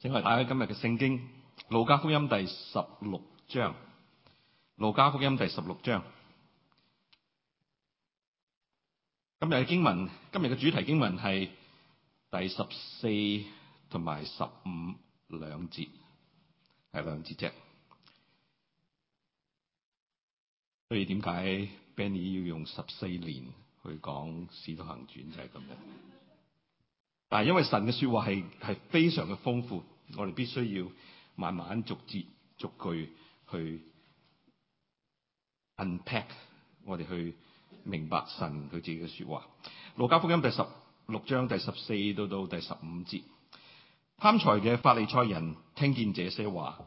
請我哋打開今日嘅聖經《路加福音》第十六章，《路加福音》第十六章。今日嘅經文，今日嘅主題經文係第十四同埋十五兩節，係兩節啫。所以點解 Benny 要用十四年去講《使徒行傳》就係咁樣。但係，因為神嘅說話係係非常嘅豐富，我哋必須要慢慢逐字逐句去 unpack，我哋去明白神佢自己嘅說話。路加福音第十六章第十四到到第十五節，貪財嘅法利賽人聽見這些話，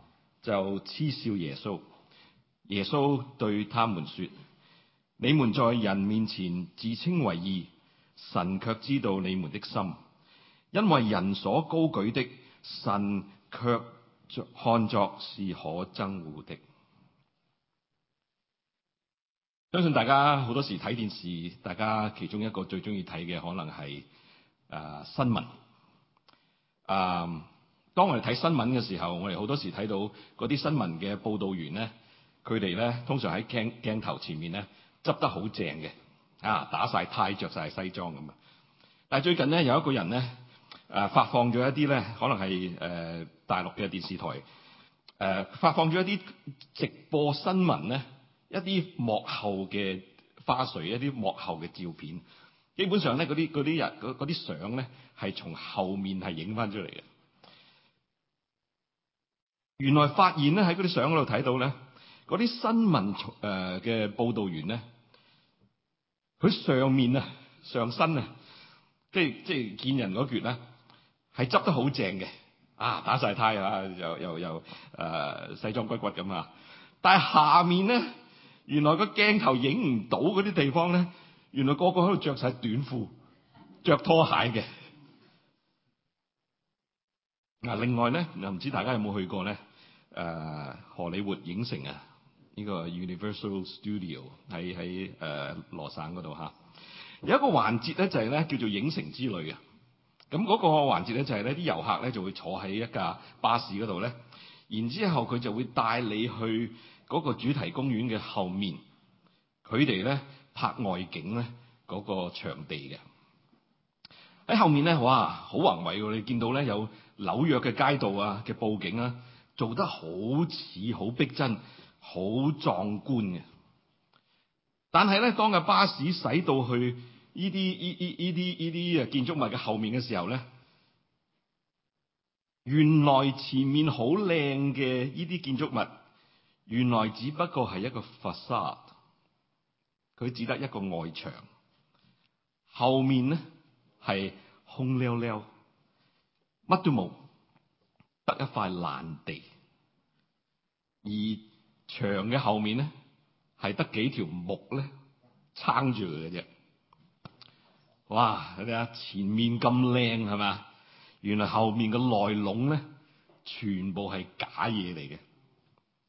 就嗤笑耶穌。耶穌對他們說，你們在人面前自稱為義，神卻知道你們的心。因為人所高舉的，神卻看作是可憎惡的。相信大家好多時睇電視，大家其中一個最中意睇嘅可能係啊、呃、新聞。啊、呃，當我哋睇新聞嘅時候，我哋好多時睇到嗰啲新聞嘅報道員咧，佢哋咧通常喺鏡鏡頭前面咧執得好正嘅，啊打晒呔着晒西裝咁啊。但係最近呢，有一個人咧。誒、啊、發放咗一啲咧，可能係誒、呃、大陸嘅電視台誒、呃、發放咗一啲直播新聞咧，一啲幕後嘅花絮，一啲幕後嘅照片，基本上咧，嗰啲啲人嗰啲相咧係從後面係影翻出嚟嘅。原來發現咧喺嗰啲相嗰度睇到咧，嗰啲新聞誒嘅報導員咧，佢上面啊上身啊，即係即係見人嗰橛咧。係執得好正嘅，啊打晒呔啊，又又又誒西裝骨骨咁啊！但係下面咧，原來個鏡頭影唔到嗰啲地方咧，原來個個喺度着晒短褲、着拖鞋嘅。嗱、啊，另外咧，又唔知大家有冇去過咧？誒、呃，荷里活影城啊，呢、這個 Universal Studio 喺喺誒羅省嗰度嚇，有一個環節咧，就係、是、咧叫做影城之旅啊。咁嗰個環節咧就係呢啲遊客咧就會坐喺一架巴士嗰度咧，然之後佢就會帶你去嗰個主題公園嘅後面，佢哋咧拍外景咧嗰個場地嘅。喺後面咧，哇，好宏偉喎！你見到咧有紐約嘅街道啊嘅佈景啊，做得好似好逼真，好壯觀嘅。但係咧，當個巴士駛到去呢啲呢啲呢啲呢啲建築物嘅後面嘅時候呢，原來前面好靚嘅呢啲建築物，原來只不過係一個 facade，佢只得一個外牆，後面呢係空溜溜，乜都冇，得一塊爛地，而牆嘅後面呢，係得幾條木呢撐住嘅啫。哇！你睇下前面咁靚係嘛？原來後面嘅內籠咧，全部係假嘢嚟嘅，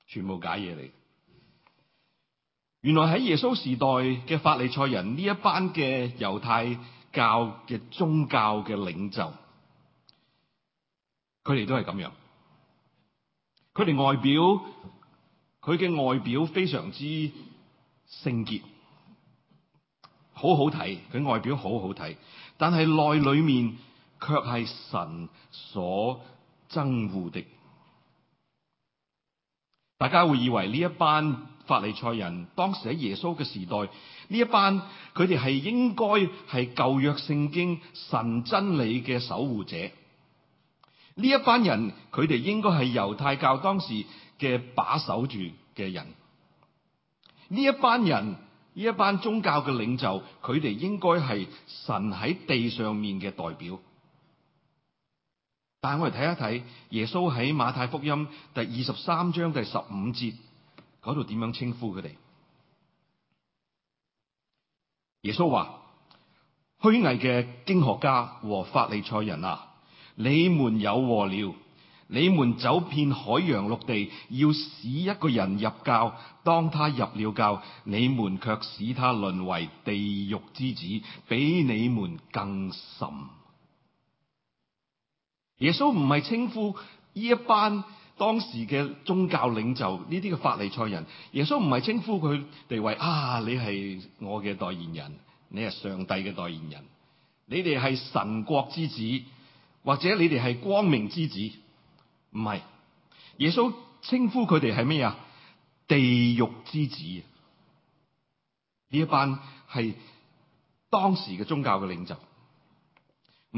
全部假嘢嚟嘅。原來喺耶穌時代嘅法利賽人呢一班嘅猶太教嘅宗教嘅領袖，佢哋都係咁樣。佢哋外表，佢嘅外表非常之聖潔。好好睇佢外表好好睇，但係內裏面卻係神所憎惡的。大家會以為呢一班法利賽人，當時喺耶穌嘅時代，呢一班佢哋係應該係舊約聖經神真理嘅守護者。呢一班人佢哋應該係猶太教當時嘅把守住嘅人。呢一班人。呢一班宗教嘅領袖，佢哋應該係神喺地上面嘅代表。但係我哋睇一睇耶穌喺馬太福音第二十三章第十五節度點樣稱呼佢哋？耶穌話：虛偽嘅經學家和法利賽人啊，你們有禍了！你們走遍海洋陸地，要使一個人入教。當他入了教，你們卻使他淪為地獄之子，比你們更深。耶穌唔係稱呼呢一班當時嘅宗教領袖呢啲嘅法利賽人。耶穌唔係稱呼佢哋為啊，你係我嘅代言人，你係上帝嘅代言人，你哋係神國之子，或者你哋係光明之子。唔係，耶穌稱呼佢哋係咩啊？地獄之子，呢一班係當時嘅宗教嘅領袖。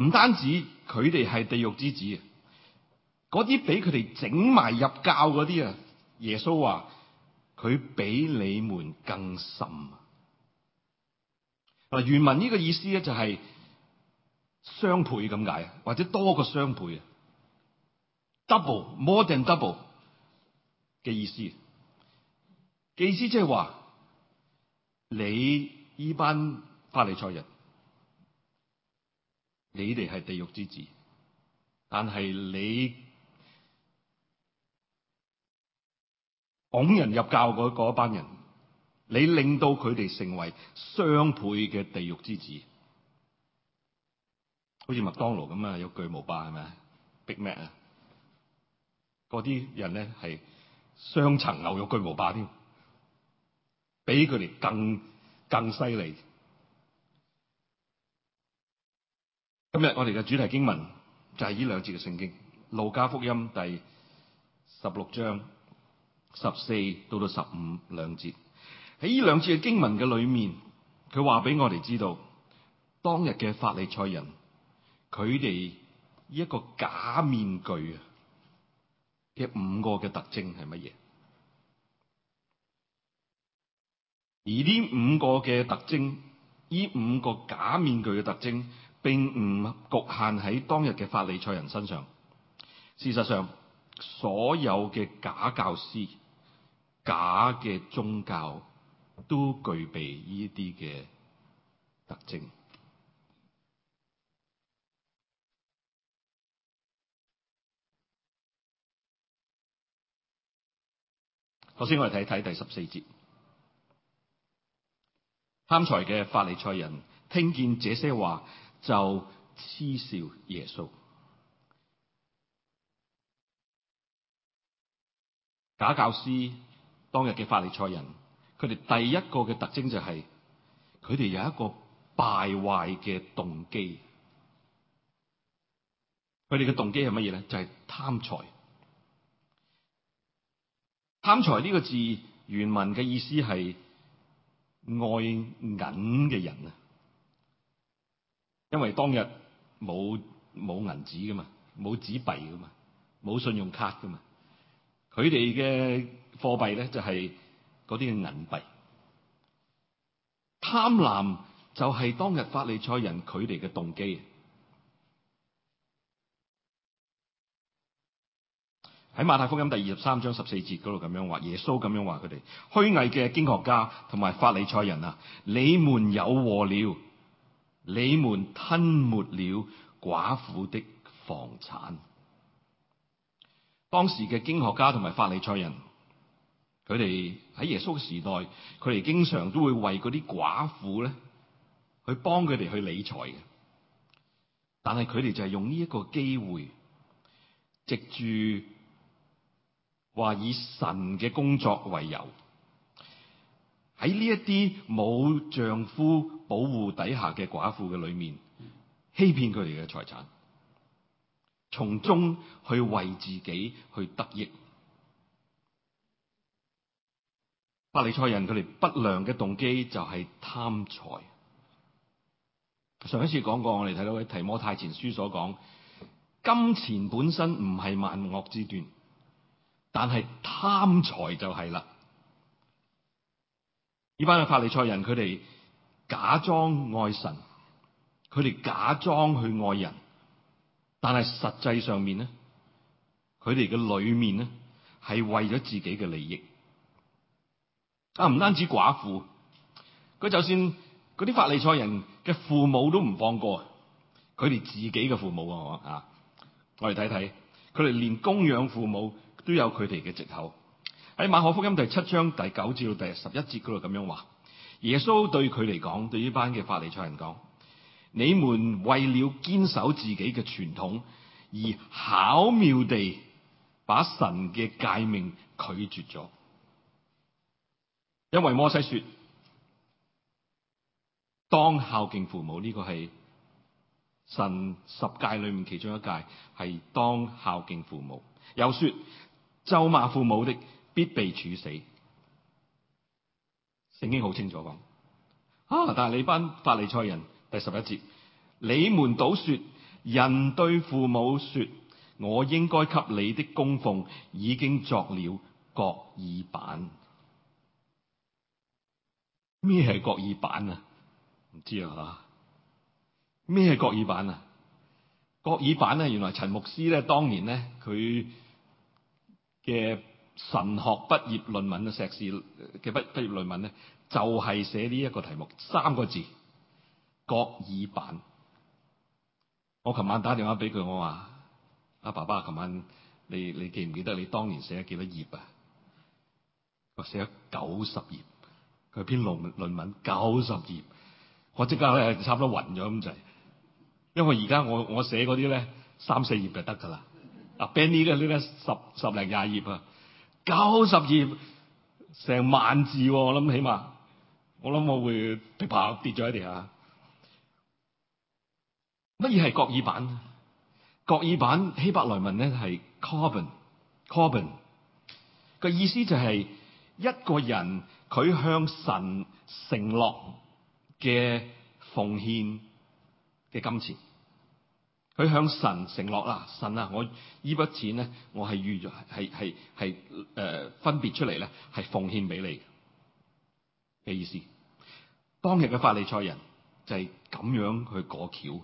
唔單止佢哋係地獄之子，嗰啲俾佢哋整埋入教嗰啲啊，耶穌話佢比你們更深啊。嗱，原文呢個意思咧，就係雙倍咁解，或者多個雙倍啊。double more than double 嘅意思，意思即係話你呢班法利賽人，你哋係地獄之子，但係你拱人入教嗰一班人，你令到佢哋成為雙倍嘅地獄之子，好似麥當勞咁啊，有巨無霸係咪啊？Big Mac 啊？嗰啲人咧係雙層牛肉巨無霸添，比佢哋更更犀利。今日我哋嘅主題經文就係呢兩節嘅聖經《路加福音》第十六章十四到到十五兩節。喺呢兩節嘅經文嘅裏面，佢話俾我哋知道，當日嘅法利賽人佢哋一個假面具啊！嘅五個嘅特徵係乜嘢？而呢五個嘅特徵，呢五個假面具嘅特徵，並唔局限喺當日嘅法利賽人身上。事實上，所有嘅假教師、假嘅宗教都具備呢啲嘅特徵。首先我哋睇睇第十四節，貪財嘅法利賽人聽見這些話，就嗤笑耶穌。假教師，當日嘅法利賽人，佢哋第一個嘅特徵就係佢哋有一個敗壞嘅動機。佢哋嘅動機係乜嘢咧？就係貪財。貪財呢個字原文嘅意思係愛銀嘅人啊，因為當日冇冇銀紙噶嘛，冇紙幣噶嘛，冇信用卡噶嘛，佢哋嘅貨幣咧就係嗰啲銀幣。貪婪就係當日法利賽人佢哋嘅動機。喺馬太福音第二十三章十四節嗰度咁樣話，耶穌咁樣話佢哋虛偽嘅經學家同埋法利賽人啊，你們有禍了！你們吞沒了寡婦的房產。當時嘅經學家同埋法利賽人，佢哋喺耶穌嘅時代，佢哋經常都會為嗰啲寡婦咧去幫佢哋去理財嘅，但係佢哋就係用呢一個機會藉住，話以神嘅工作為由，喺呢一啲冇丈夫保護底下嘅寡婦嘅裏面，欺騙佢哋嘅財產，從中去為自己去得益。法利賽人佢哋不良嘅動機就係貪財。上一次講過，我哋睇到喺提摩太前書所講，金錢本身唔係萬惡之端。但係貪財就係啦，呢班嘅法利賽人佢哋假裝愛神，佢哋假裝去愛人，但係實際上面咧，佢哋嘅裏面咧係為咗自己嘅利益。啊，唔單止寡婦，佢就算嗰啲法利賽人嘅父母都唔放過，佢哋自己嘅父母啊！我哋睇睇，佢哋連供養父母。都有佢哋嘅藉口，喺馬可福音第七章第九至到第十一節嗰度咁樣話，耶穌對佢嚟講，對呢班嘅法利賽人講，你們為了堅守自己嘅傳統，而巧妙地把神嘅誡命拒絕咗，因為摩西說，當孝敬父母呢個係神十誡裏面其中一戒，係當孝敬父母，又說。咒罵父母的必被處死。聖經好清楚講，啊，但係你班法利賽人第十一節，你們倒說人對父母說，「我應該給你的供奉已經作了國耳版。」咩係國耳版啊？唔知啊？咩係國耳版啊？國耳版呢、啊，原來陳牧師呢，當年呢，佢。嘅神學畢業論文啊，碩士嘅畢，畢業論文咧，就係、是、寫呢一個題目，三個字，國語版。我琴晚打電話俾佢，我話：阿爸爸，琴晚你你記唔記得你當年寫咗幾多頁啊？我寫咗九十頁，佢篇論論文九十頁，我即刻咧差唔多暈咗咁滯，因為而家我我寫嗰啲咧三四頁就得㗎啦。Benny 嘅呢啲十十零廿頁啊，九十頁成萬字，我諗起碼，我諗我會噼啪跌咗喺啲啊！乜嘢係國語版？國語版希伯來文咧係 Corban，Corban 嘅意思就係一個人佢向神承諾嘅奉獻嘅金錢。佢向神承諾啦，神啊，我依筆錢咧，我係預咗係係係誒分別出嚟咧，係奉獻俾你嘅，咩意思？當日嘅法利賽人就係咁樣去過橋，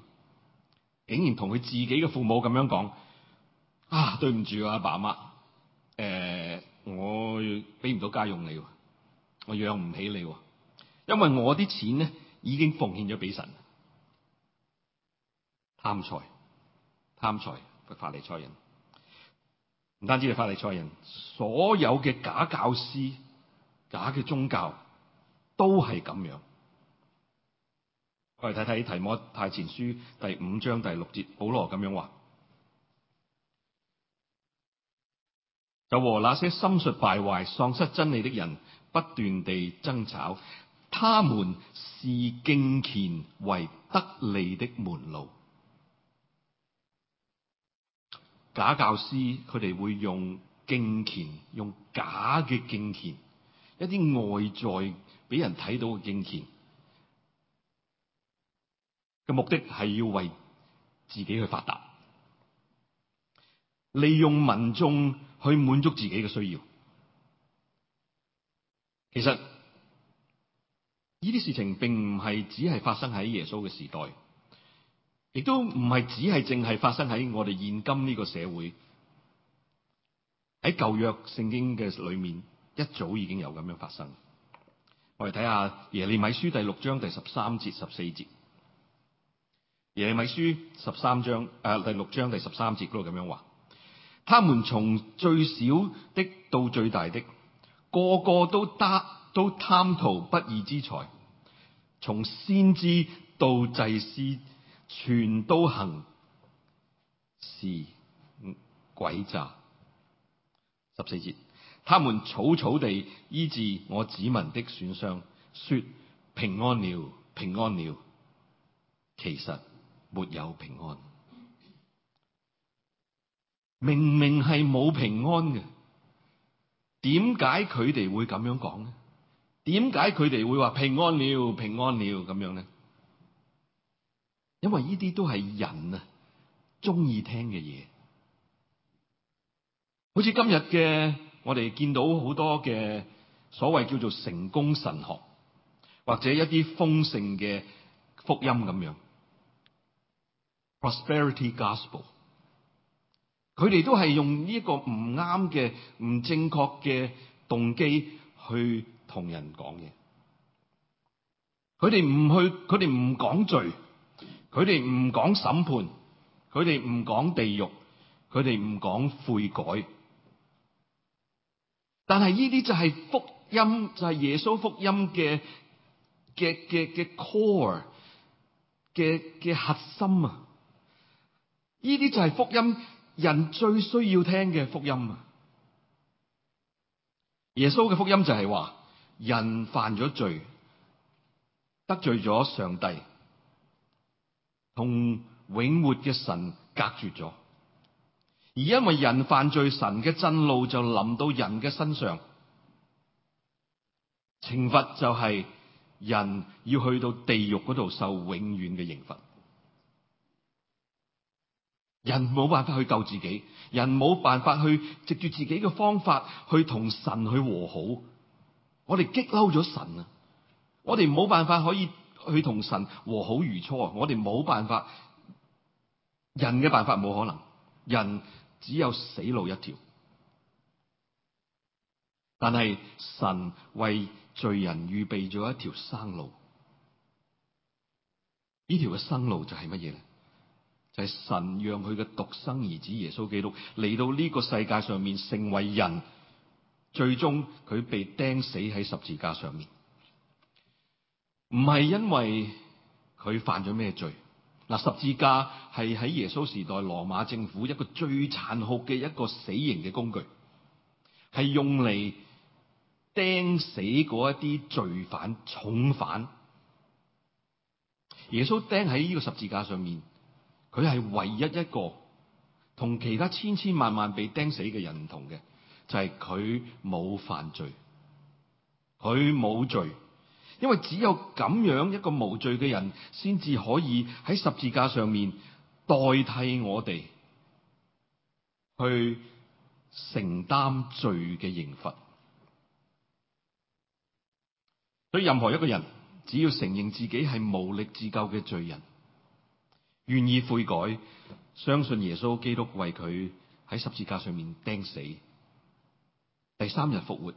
竟然同佢自己嘅父母咁樣講：啊，對唔住啊，阿爸媽，誒、呃，我俾唔到家用你，我養唔起你，因為我啲錢咧已經奉獻咗俾神，貪財。貪財嘅法利賽人，唔單止係法利賽人，所有嘅假教師、假嘅宗教都係咁樣。我哋睇睇《提摩太前書》第五章第六節，保羅咁樣話：就和那些心術敗壞、喪失真理的人不斷地爭吵，他們視敬虔為得利的門路。假教師佢哋會用敬虔，用假嘅敬虔，一啲外在俾人睇到嘅敬虔嘅目的係要為自己去發達，利用民眾去滿足自己嘅需要。其實呢啲事情並唔係只係發生喺耶穌嘅時代。亦都唔係只係淨係發生喺我哋現今呢個社會，喺舊約聖經嘅裏面一早已經有咁樣發生。我哋睇下耶利米書第六章第十三節十四節，耶利米書十三章誒、啊，第六章第十三節嗰度咁樣話：他們從最小的到最大的個個都得都貪圖不義之財，從先知到祭司，全都行事詭詐，十四節，他們草草地醫治我子民的損傷，說平安了，平安了，其實沒有平安，明明係冇平安嘅，點解佢哋會咁樣講咧？點解佢哋會話平安了，平安了咁樣呢？因為呢啲都係人啊中意聽嘅嘢，好似今日嘅我哋見到好多嘅所謂叫做成功神學，或者一啲豐盛嘅福音咁樣，prosperity gospel，佢哋都係用呢一個唔啱嘅、唔正確嘅動機去同人講嘢，佢哋唔去，佢哋唔講罪。佢哋唔講審判，佢哋唔講地獄，佢哋唔講悔改。但係呢啲就係福音，就係耶穌福音嘅嘅嘅嘅 core 嘅嘅核心啊！呢啲就係福音，人最需要聽嘅福音啊！耶穌嘅福音就係話，人犯咗罪，得罪咗上帝。同永活嘅神隔絕咗，而因為人犯罪，神嘅震怒就臨到人嘅身上，懲罰就係人要去到地獄嗰度受永遠嘅刑罰。人冇辦法去救自己，人冇辦法去藉住自己嘅方法去同神去和好。我哋激嬲咗神啊！我哋冇辦法可以。佢同神和好如初啊，我哋冇辦法，人嘅辦法冇可能，人只有死路一條。但係神為罪人預備咗一條生路，呢條嘅生路就係乜嘢咧？就係神讓佢嘅獨生兒子耶穌基督嚟到呢個世界上面成為人，最終佢被釘死喺十字架上面。唔係因為佢犯咗咩罪嗱？十字架係喺耶穌時代羅馬政府一個最殘酷嘅一個死刑嘅工具，係用嚟釘死嗰一啲罪犯、重犯。耶穌釘喺呢個十字架上面，佢係唯一一個同其他千千萬萬被釘死嘅人唔同嘅，就係佢冇犯罪，佢冇罪。因為只有咁樣一個無罪嘅人，先至可以喺十字架上面代替我哋去承擔罪嘅刑罰。所以，任何一個人只要承認自己係無力自救嘅罪人，願意悔改，相信耶穌基督為佢喺十字架上面釘死，第三日復活，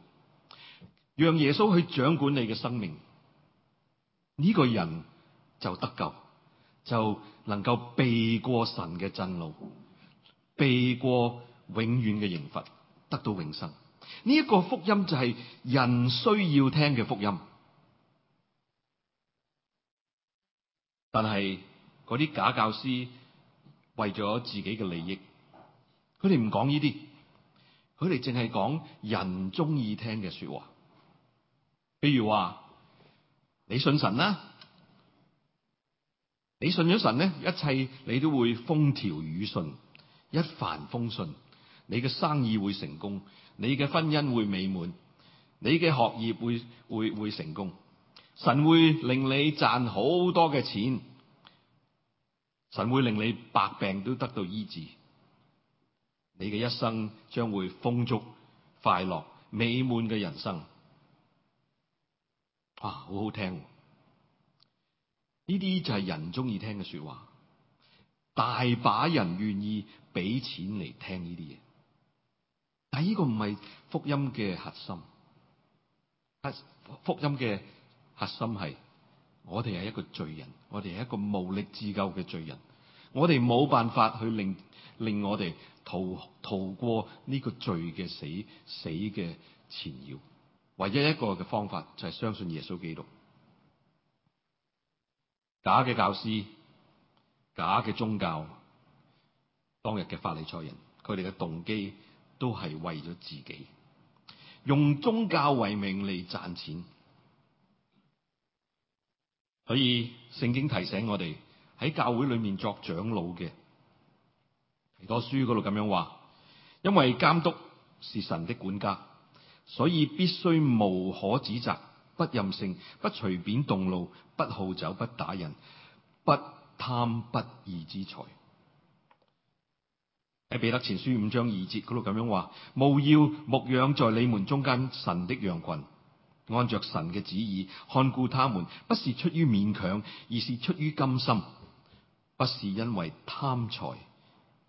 讓耶穌去掌管你嘅生命。呢個人就得救，就能夠避過神嘅震怒，避過永遠嘅刑罰，得到永生。呢一個福音就係人需要聽嘅福音。但係嗰啲假教師為咗自己嘅利益，佢哋唔講呢啲，佢哋淨係講人中意聽嘅說話，譬如話，你信神啦、啊，你信咗神咧，一切你都會風調雨順，一帆風順，你嘅生意會成功，你嘅婚姻會美滿，你嘅學業會會會成功，神會令你賺好多嘅錢，神會令你百病都得到醫治，你嘅一生將會豐足、快樂、美滿嘅人生。啊，好好聽！呢啲就係人中意聽嘅說話，大把人願意俾錢嚟聽呢啲嘢。但係呢個唔係福音嘅核心，福音嘅核心係我哋係一個罪人，我哋係一個無力自救嘅罪人，我哋冇辦法去令令我哋逃逃過呢個罪嘅死死嘅纏繞。唯一一個嘅方法就係、是、相信耶穌基督。假嘅教師、假嘅宗教、當日嘅法利賽人，佢哋嘅動機都係為咗自己，用宗教為名嚟賺錢。所以聖經提醒我哋喺教會裏面作長老嘅，提多書度咁樣話，因為監督是神的管家。所以必須無可指責，不任性，不隨便動怒，不好酒不打人，不貪不義之財。喺彼得前書五章二節度咁樣話：務要牧養在你們中間神的羊群，按著神嘅旨意看顧他們，不是出於勉強，而是出於甘心；不是因為貪財，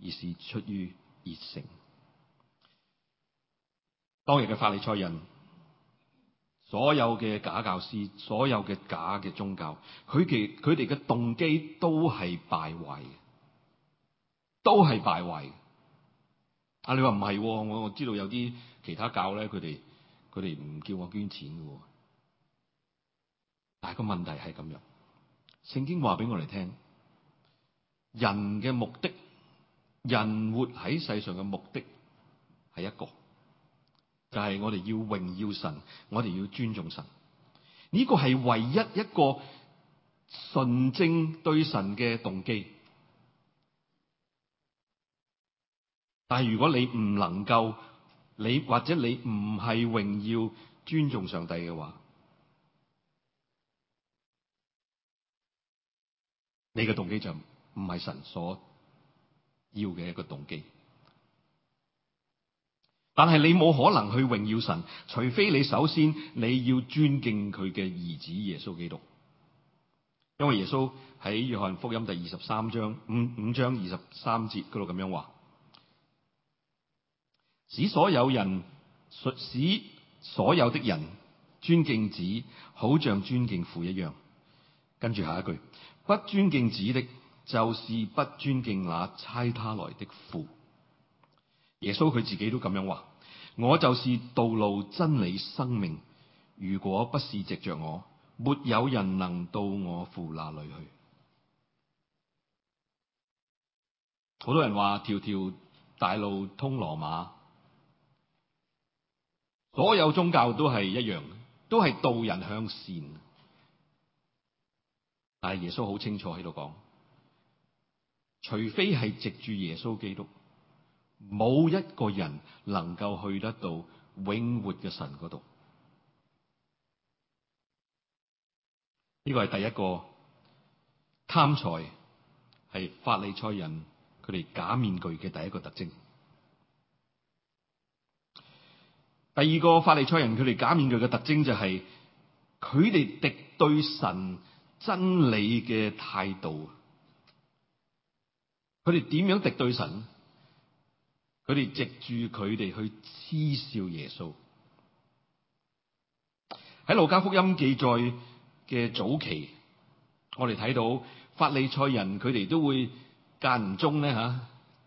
而是出於熱誠。當日嘅法利賽人，所有嘅假教師，所有嘅假嘅宗教，佢哋佢哋嘅動機都係敗壞嘅，都係敗壞嘅。啊，你話唔係？我我知道有啲其他教咧，佢哋佢哋唔叫我捐錢噶。但係個問題係咁樣，聖經話俾我哋聽，人嘅目的，人活喺世上嘅目的係一個。就係我哋要榮耀神，我哋要尊重神。呢個係唯一一個純正對神嘅動機。但係如果你唔能夠，你或者你唔係榮耀尊重上帝嘅話，你嘅動機就唔係神所要嘅一個動機。但係你冇可能去榮耀神，除非你首先你要尊敬佢嘅兒子耶穌基督，因為耶穌喺約翰福音第二十三章五五章二十三節嗰度咁樣話：使所有人，使所有的人尊敬子，好像尊敬父一樣。跟住下一句，不尊敬子的，就是不尊敬那差他來的父。耶穌佢自己都咁樣話：我就是道路、真理、生命。如果不是藉着我，沒有人能到我父那裏去。好多人話：條條大路通羅馬，所有宗教都係一樣，都係道人向善。但係耶穌好清楚喺度講，除非係藉住耶穌基督。冇一個人能夠去得到永活嘅神嗰度。呢個係第一個貪財，係法利賽人佢哋假面具嘅第一個特徵。第二個法利賽人佢哋假面具嘅特徵，就係佢哋敵對神真理嘅態度。佢哋點樣敵對神？佢哋藉住佢哋去恥笑耶穌。喺路加福音記載嘅早期，我哋睇到法利賽人佢哋都會間唔中咧吓，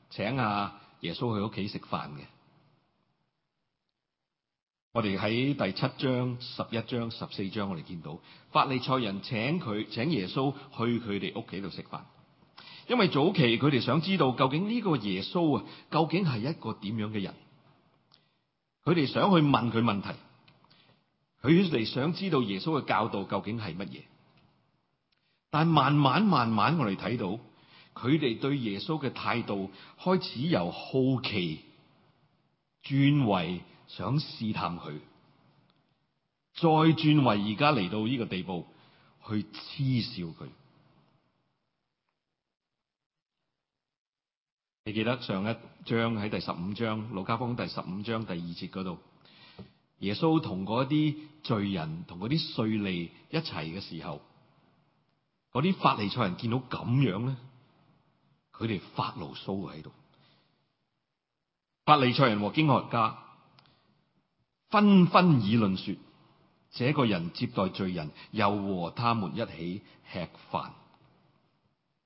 請下耶穌去屋企食飯嘅。我哋喺第七章、十一章、十四章，我哋見到法利賽人請佢請耶穌去佢哋屋企度食飯。因為早期佢哋想知道究竟呢個耶穌啊，究竟係一個點樣嘅人？佢哋想去問佢問題，佢哋想知道耶穌嘅教導究竟係乜嘢？但慢慢慢慢，我哋睇到佢哋對耶穌嘅態度開始由好奇轉為想試探佢，再轉為而家嚟到呢個地步去恥笑佢。你記得上一章，喺第十五章路加福音第十五章第二節嗰度，耶穌同嗰啲罪人同嗰啲稅吏一齊嘅時候，嗰啲法利賽人見到咁樣咧，佢哋發牢騷喺度。法利賽人和經學家紛紛議論說：這個人接待罪人，又和他們一起吃飯。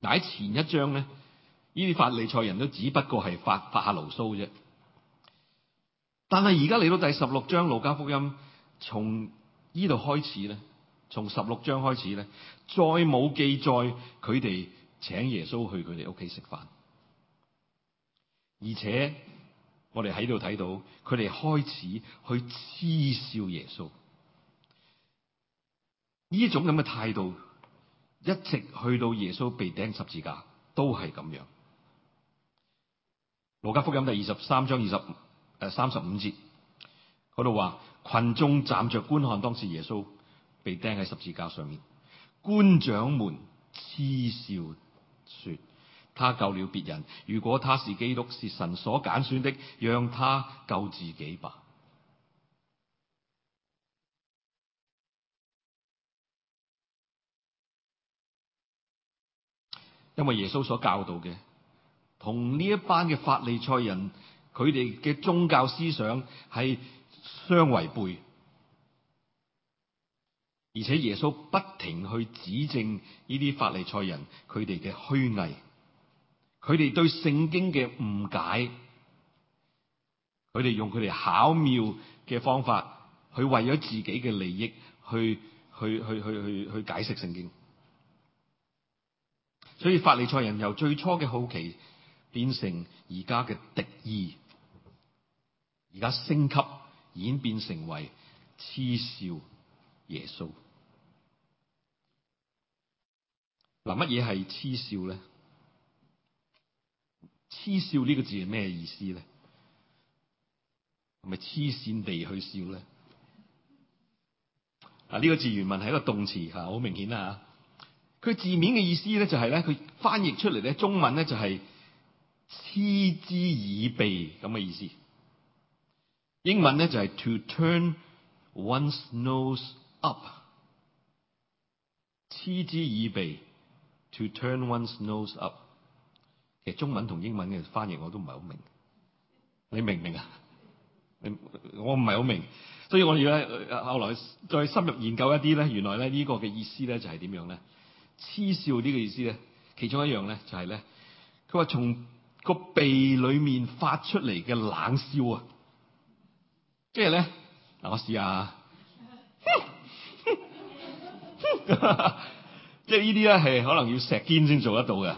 嗱，喺前一章咧。呢啲法利賽人都只不過係發發下牢騷啫。但係而家嚟到第十六章路加福音，從呢度開始咧，從十六章開始咧，再冇記載佢哋請耶穌去佢哋屋企食飯。而且我哋喺度睇到，佢哋開始去癡笑耶穌。呢種咁嘅態度，一直去到耶穌被釘十字架，都係咁樣。路加福音第二十三章二十，誒，三十五節嗰度話，群眾站着觀看，當時耶穌被釘喺十字架上面，官長們嗤笑說：他救了別人，如果他是基督，是神所揀選的，讓他救自己吧。因為耶穌所教導嘅。同呢一班嘅法利賽人，佢哋嘅宗教思想係相違背，而且耶穌不停去指正呢啲法利賽人佢哋嘅虛偽，佢哋對聖經嘅誤解，佢哋用佢哋巧妙嘅方法去為咗自己嘅利益去去去去去去解釋聖經，所以法利賽人由最初嘅好奇。變成而家嘅敵意，而家升級演變成為痴笑耶穌。嗱，乜嘢係痴笑咧？痴笑呢個字係咩意思咧？係咪痴線地去笑咧？啊，呢個字原文係一個動詞嚇，好明顯啦嚇。佢字面嘅意思咧，就係咧，佢翻譯出嚟咧，中文咧就係。嗤之以鼻咁嘅意思，英文咧就係、是、to turn one's nose up。嗤之以鼻，to turn one's nose up。其實中文同英文嘅翻譯我都唔係好明，你明唔明啊？你我唔係好明，所以我哋要咧後來再深入研究一啲咧，原來咧呢個嘅意思咧就係點樣咧？嗤笑呢個意思咧，就是，其中一樣咧就係、是、咧，佢話從。個鼻裏面發出嚟嘅冷笑啊！即係咧嗱，我試下，即係呢啲咧係可能要石堅先做得到嘅，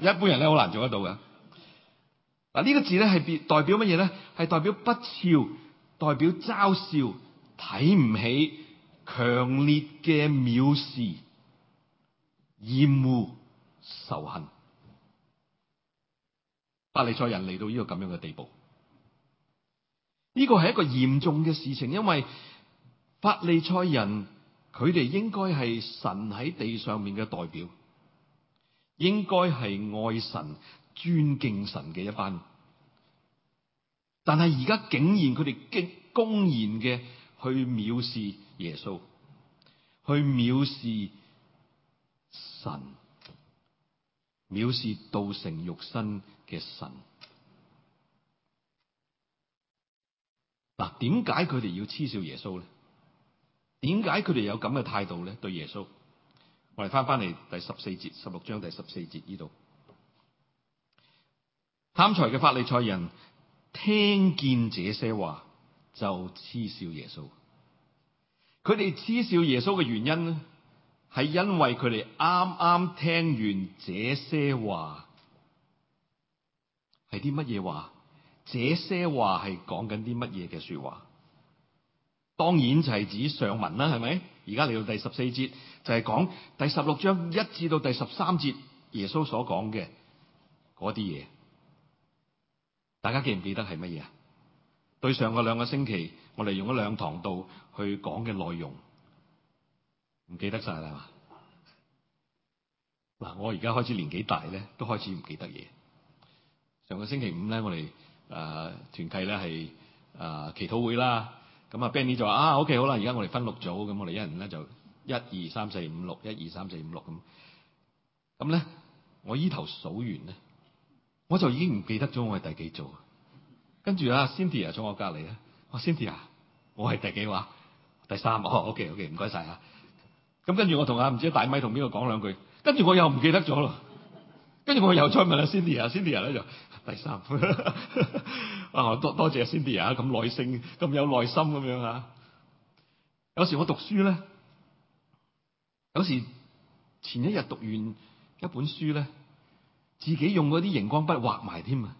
一般人咧好難做得到嘅。嗱、這、呢個字咧係代表乜嘢咧？係代表不屑，代表嘲笑、睇唔起、強烈嘅藐視、厭惡、仇恨。法利賽人嚟到呢個咁樣嘅地步，呢個係一個嚴重嘅事情，因為法利賽人佢哋應該係神喺地上面嘅代表，應該係愛神、尊敬神嘅一班，但係而家竟然佢哋極公然嘅去藐視耶穌，去藐視神，藐視道成肉身。嘅神嗱，點解佢哋要嗤笑耶穌咧？點解佢哋有咁嘅態度咧？對耶穌，我哋翻翻嚟，第十四節，十六章第十四節呢度，貪財嘅法利賽人聽見這些話就嗤笑耶穌。佢哋嗤笑耶穌嘅原因咧，係因為佢哋啱啱聽完這些話。係啲乜嘢話？這些話係講緊啲乜嘢嘅說話？當然就係指上文啦，係咪？而家嚟到第十四節，就係講第十六章一至到第十三節耶穌所講嘅嗰啲嘢。大家記唔記得係乜嘢啊？對上個兩個星期我，我哋用咗兩堂度去講嘅內容，唔記得晒啦嘛？嗱，我而家開始年紀大咧，都開始唔記得嘢。上個星期五咧，我哋誒、呃、團契咧係、呃、祈禱會啦。咁啊，Benny 就話：啊，OK，好啦，而家我哋分六組，咁我哋一人咧就一二三四五六，一二三四五六咁。咁咧，我依頭數完咧，我就已經唔記得咗我係第幾組。跟住啊，Cynthia 坐我隔離咧，我 Cynthia，我係第幾話？第三，哦，OK，OK，唔該晒。嚇、OK, OK。咁跟住我同阿唔知大咪同邊個講兩句，跟住我又唔記得咗，跟住我又再問阿 Cynthia，Cynthia 咧就。 第三啊，多多謝 Cindy 啊，咁耐性，咁有耐心咁樣啊。有時我讀書咧，有時前一日讀完一本書咧，自己用嗰啲熒光筆畫埋添啊。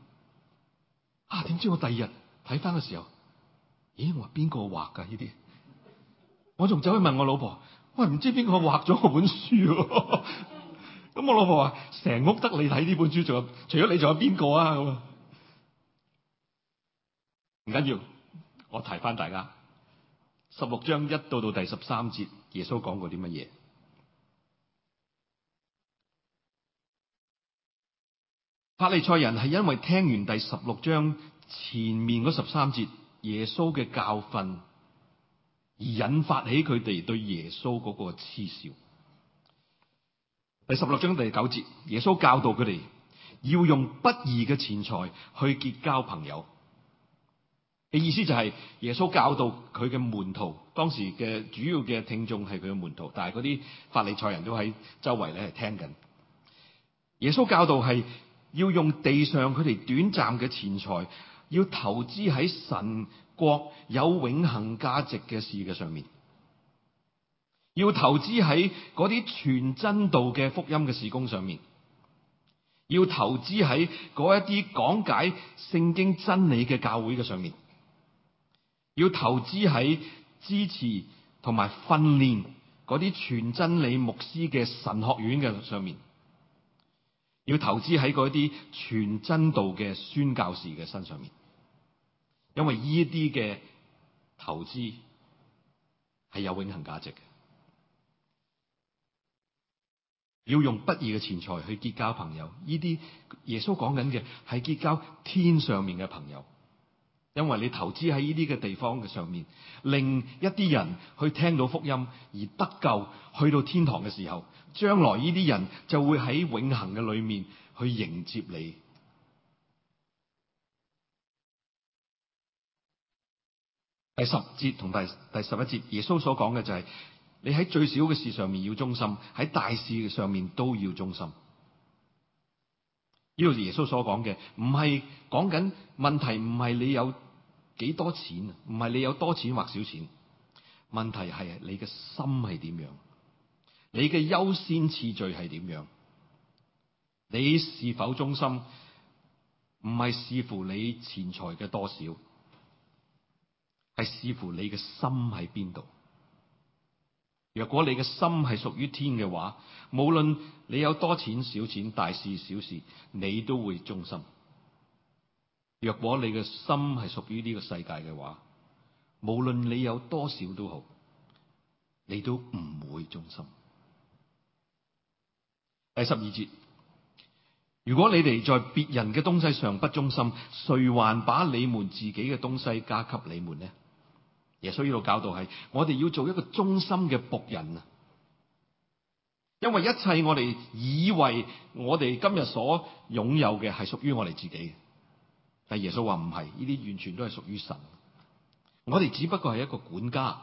啊，點知我第二日睇翻嘅時候，咦，我話，邊個畫噶呢啲？我仲走去問我老婆，喂，唔知邊個畫咗我本書？咁我老婆話：成屋得你睇呢本書，仲有除咗你，仲有邊個啊？咁唔緊要，我提翻大家十六章一到到第十三節，耶穌講過啲乜嘢？法利賽人係因為聽完第十六章前面嗰十三節耶穌嘅教訓，而引發起佢哋對耶穌嗰個痴笑。第十六章第九節，耶穌教導佢哋要用不義嘅錢財去結交朋友。嘅意思就係耶穌教導佢嘅門徒，當時嘅主要嘅聽眾係佢嘅門徒，但係嗰啲法利賽人都喺周圍咧係聽緊。耶穌教導係要用地上佢哋短暫嘅錢財，要投資喺神國有永恆價值嘅事嘅上面。要投資喺嗰啲全真道嘅福音嘅事工上面，要投資喺嗰一啲講解聖經真理嘅教會嘅上面，要投資喺支持同埋訓練嗰啲全真理牧師嘅神學院嘅上面，要投資喺嗰啲全真道嘅宣教士嘅身上面，因為呢啲嘅投資係有永恒價值嘅。要用不義嘅錢財去結交朋友，呢啲耶穌講緊嘅係結交天上面嘅朋友，因為你投資喺呢啲嘅地方嘅上面，令一啲人去聽到福音而得救，去到天堂嘅時候，將來呢啲人就會喺永恆嘅裏面去迎接你。第十節同第第十一節，耶穌所講嘅就係。你喺最小嘅事上面要忠心，喺大事嘅上面都要忠心。呢度耶穌所講嘅，唔係講緊問題，唔係你有幾多錢，唔係你有多錢或少錢，問題係你嘅心係點樣，你嘅優先次序係點樣，你是否忠心，唔係視乎你錢財嘅多少，係視乎你嘅心喺邊度。若果你嘅心係屬於天嘅話，無論你有多錢、少錢、大事、小事，你都會忠心。若果你嘅心係屬於呢個世界嘅話，無論你有多少都好，你都唔會忠心。第十二節，如果你哋在別人嘅東西上不忠心，誰還把你們自己嘅東西加給你們呢？耶穌呢度教導係，我哋要做一個忠心嘅僕人啊！因為一切我哋以為我哋今日所擁有嘅係屬於我哋自己嘅，但耶穌話唔係，呢啲完全都係屬於神。我哋只不過係一個管家，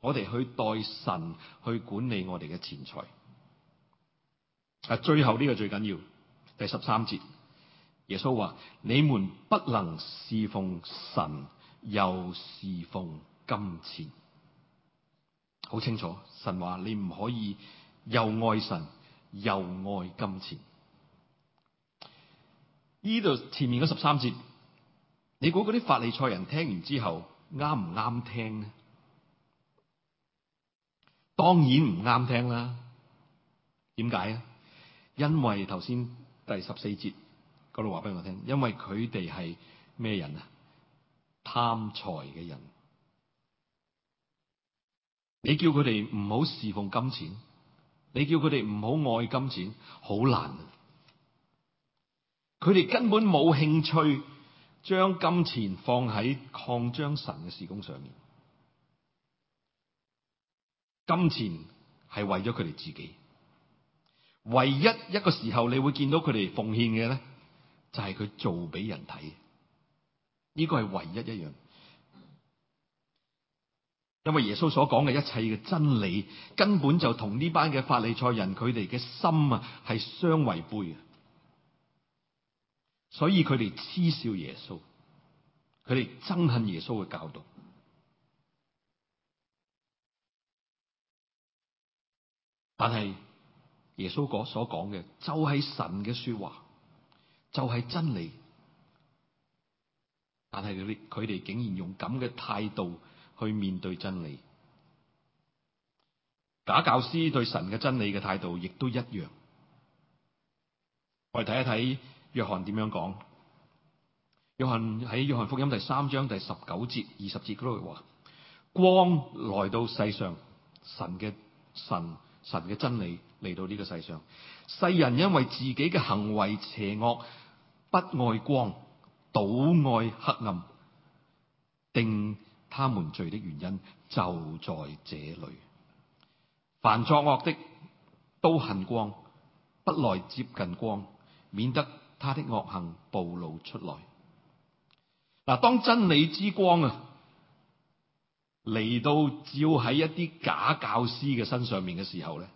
我哋去代神去管理我哋嘅錢財。啊，最後呢個最緊要，第十三節，耶穌話：你們不能侍奉神。又侍奉金錢，好清楚。神話你唔可以又愛神又愛金錢。呢度前面嗰十三節，你估嗰啲法利賽人聽完之後啱唔啱聽呢？當然唔啱聽啦。點解啊？因為頭先第十四節嗰度話俾我聽，因為佢哋係咩人啊？貪財嘅人，你叫佢哋唔好侍奉金錢，你叫佢哋唔好愛金錢，好難。佢哋根本冇興趣將金錢放喺擴張神嘅事工上面。金錢係為咗佢哋自己，唯一一個時候你會見到佢哋奉獻嘅咧，就係佢做俾人睇。呢個係唯一一樣，因為耶穌所講嘅一切嘅真理，根本就同呢班嘅法利賽人佢哋嘅心啊係相違背嘅，所以佢哋恥笑耶穌，佢哋憎恨耶穌嘅教導。但係耶穌所講嘅就係神嘅說話，就係真理。但係佢哋，竟然用咁嘅態度去面對真理。假教師對神嘅真理嘅態度亦都一樣。我哋睇一睇約翰點樣講。約翰喺約翰福音第三章第十九節、二十節度話：光來到世上，神嘅神、神嘅真理嚟到呢個世上。世人因為自己嘅行為邪惡，不愛光。倒愛黑暗，定他們罪的原因就在這裏。凡作惡的都恨光，不來接近光，免得他的惡行暴露出來。嗱，當真理之光啊嚟到照喺一啲假教師嘅身上面嘅時候咧，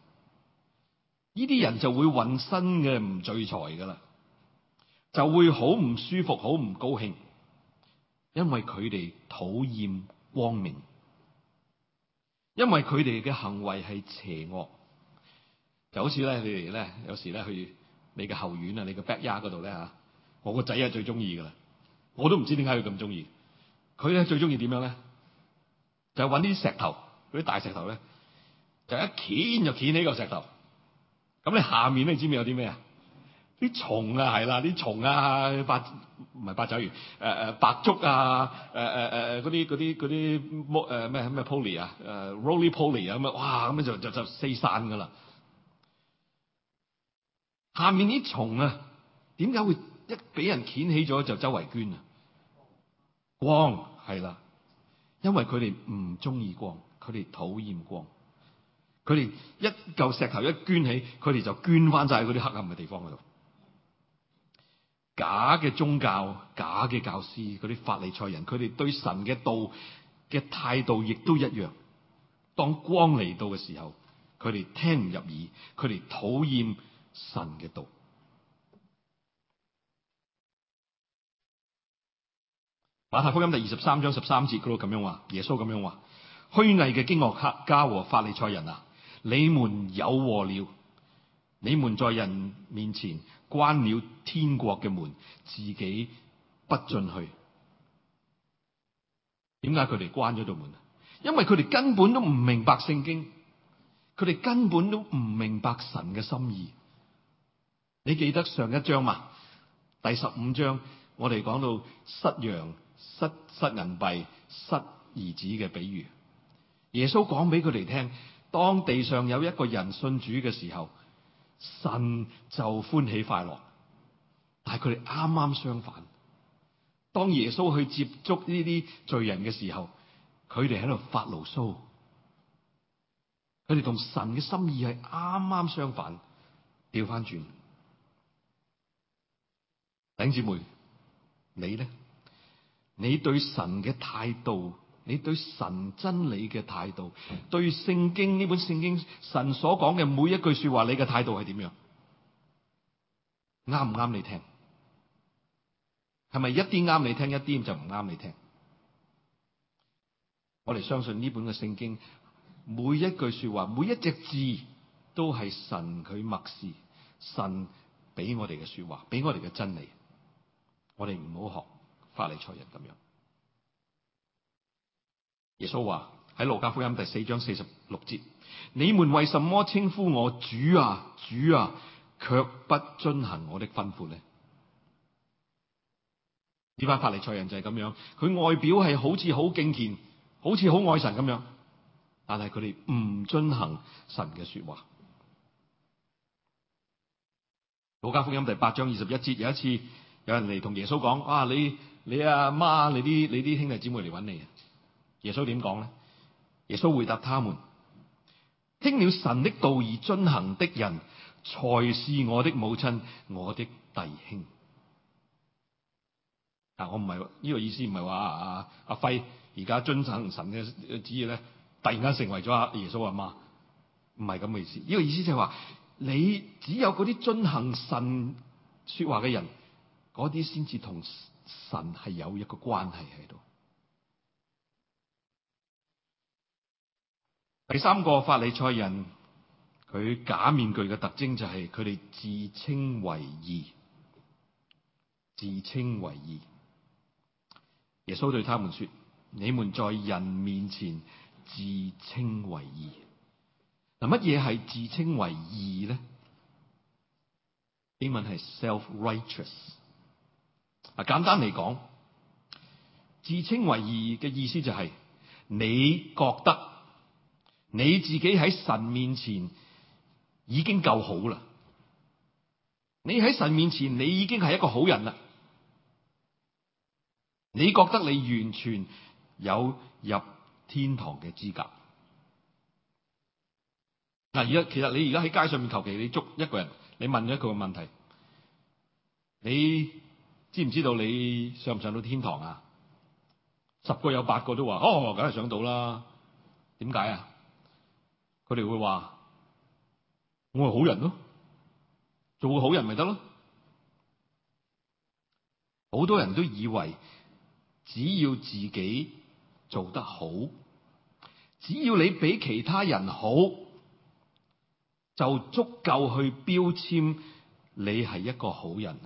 呢啲人就會渾身嘅唔聚財㗎喇。就會好唔舒服，好唔高興，因為佢哋討厭光明，因為佢哋嘅行為係邪惡。就好似咧，你哋咧有時咧去你嘅後院啊，你嘅 backyard 度咧，吓我個仔啊最中意噶啦，我都唔知點解佢咁中意。佢咧最中意點樣咧，就係揾啲石頭，嗰啲大石頭咧，就一掀就掀起個石頭。咁你下面咧，你知唔知有啲咩啊？啲蟲啊，係啦，啲蟲啊，白八唔係八爪魚，誒誒白竹啊，誒誒誒嗰啲嗰啲嗰啲，誒咩咩 Polly 啊，誒 Rolly Polly 啊咁、啊啊啊啊啊啊啊啊、哇咁就、就、就、四散噶啦。下面啲蟲啊，點解會一俾人掀起咗就周圍捐啊？光係啦，因為佢哋唔中意光，佢哋討厭光，佢哋一嚿石頭一捐起，佢哋就捐翻晒喺嗰啲黑暗嘅地方度。假嘅宗教、假嘅教師、嗰啲法利賽人，佢哋對神嘅道嘅態度亦都一樣。當光嚟到嘅時候，佢哋聽唔入耳，佢哋討厭神嘅道。馬太福音第二十三章十三節佢老咁樣話：耶穌咁樣話，虛偽嘅經學家和法利賽人啊，你們有禍了！你們在人面前。關了天國嘅門，自己不進去。點解佢哋關咗道門啊？因為佢哋根本都唔明白聖經，佢哋根本都唔明白神嘅心意。你記得上一章嘛？第十五章我哋講到失羊、失失銀幣、失兒子嘅比喻。耶穌講俾佢哋聽，當地上有一個人信主嘅時候。神就歡喜快樂，但係佢哋啱啱相反。當耶穌去接觸呢啲罪人嘅時候，佢哋喺度發牢騷，佢哋同神嘅心意係啱啱相反，調返轉。弟兄姊妹，你咧，你對神嘅態度？你對神真理嘅態度，對聖經呢本聖經神所講嘅每一句說話，你嘅態度係點樣？啱唔啱你聽？係咪一啲啱你聽，一啲就唔啱你聽？我哋相信呢本嘅聖經，每一句說話，每一隻字，都係神佢默示，神俾我哋嘅說話，俾我哋嘅真理。我哋唔好學法利賽人咁樣。耶穌話喺路加福音第四章四十六節：你們為什麼稱呼我主啊、主啊，卻不遵行我的吩咐呢？呢班法利賽人就係咁樣，佢外表係好似好敬虔，好似好愛神咁樣，但係佢哋唔遵行神嘅說話。路加福音第八章二十一節，有一次有人嚟同耶穌講：啊，你你阿媽、你啲你啲兄弟姊妹嚟揾你啊！耶穌點講咧？耶穌回答他們：聽了神的道而遵行的人，才是我的母親、我的弟兄。嗱，啊，我唔係呢個意思，唔係話阿阿輝而家遵行神嘅旨意咧，突然間成為咗阿耶穌阿媽，唔係咁嘅意思。呢個意思就係話，你只有嗰啲遵行神說話嘅人，嗰啲先至同神係有一個關係喺度。第三個法利賽人佢假面具嘅特徵就係佢哋自稱為義，自稱為義。耶穌對他們說：你們在人面前自稱為義。嗱，乜嘢係自稱為義咧？英文係 self-righteous。啊、right，簡單嚟講，自稱為義嘅意思就係、是、你覺得。你自己喺神面前已經夠好啦，你喺神面前，你已經係一個好人啦。你覺得你完全有入天堂嘅資格？嗱，而家其實你而家喺街上面，求其你捉一個人，你問咗佢個問題，你知唔知道你上唔上到天堂啊？十個有八個都話：哦，梗係上到啦。點解啊？佢哋會話：我係好人咯，做個好人咪得咯。好多人都以為，只要自己做得好，只要你比其他人好，就足夠去標籤你係一個好人。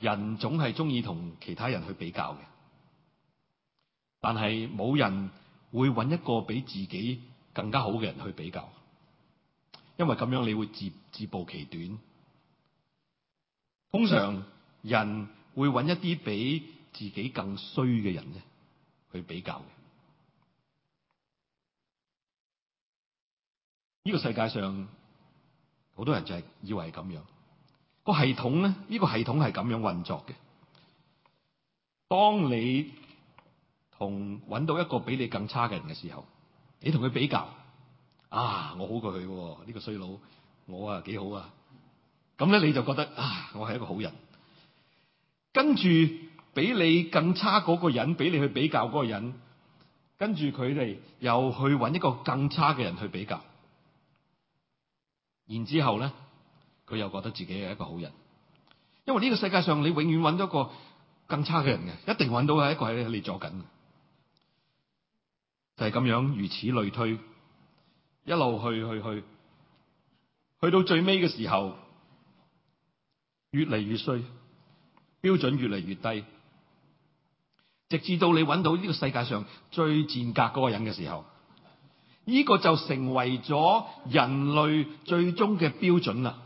人總係中意同其他人去比較嘅，但係冇人。會揾一個比自己更加好嘅人去比較，因為咁樣你會自自暴其短。通常人會揾一啲比自己更衰嘅人咧去比較。呢個世界上好多人就係以為係咁樣，個系統咧，呢個系統係咁樣運作嘅。當你同揾到一個比你更差嘅人嘅時候，你同佢比較啊，我好過佢喎。呢個衰佬，我啊幾好啊，咁咧你就覺得啊，我係一個好人。跟住比你更差嗰個人，比你去比較嗰個人，跟住佢哋又去揾一個更差嘅人去比較，然之後咧，佢又覺得自己係一個好人。因為呢個世界上你永遠揾到一個更差嘅人嘅，一定揾到係一個喺你左近嘅。就係咁樣，如此類推，一路去去去，去到最尾嘅時候，越嚟越衰，標準越嚟越低，直至到你揾到呢個世界上最賤格嗰個人嘅時候，呢個就成為咗人類最終嘅標準啦。